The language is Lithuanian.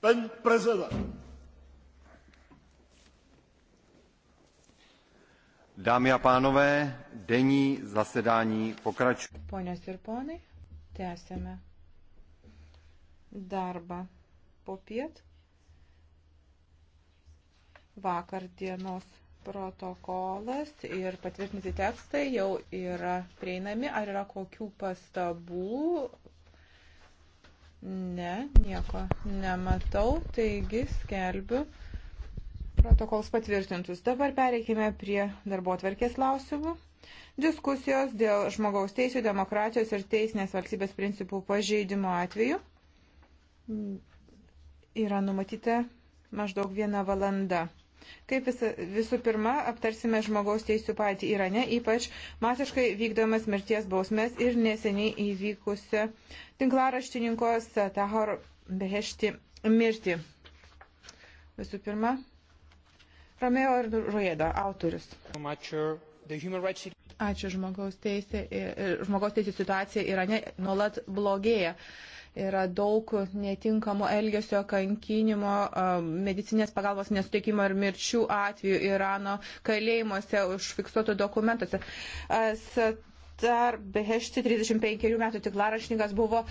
Pan prezident. Dámy a pánové, denní zasedání pokračuje. Ponios ir ponai, tęsėme darbą po piet. Vakar dienos protokolas ir patvirtinti tekstai jau yra prieinami. Ar yra kokių pastabų Ne, nieko nematau, taigi skelbiu protokols patvirtintus. Dabar pereikime prie darbo atverkės klausimų. Diskusijos dėl žmogaus teisų, demokratijos ir teisinės valstybės principų pažeidimo atveju yra numatyta maždaug viena valanda. Kaip vis, visų pirma, aptarsime žmogaus teisų patį Irane, ypač masiškai vykdomas mirties bausmės ir neseniai įvykusią tinklaraštininko Satahor Behešti mirtį. Visų pirma, Romeo ir Rueda, autorius. Ačiū žmogaus teisė. Žmogaus teisė situacija Irane nuolat blogėja. Yra daug netinkamo elgesio, kankinimo, medicinės pagalbos nesuteikimo ir mirčių atvejų Irano kalėjimuose užfiksuotų dokumentuose. Satar Behešti, 35 metų tiklarašnikas, buvo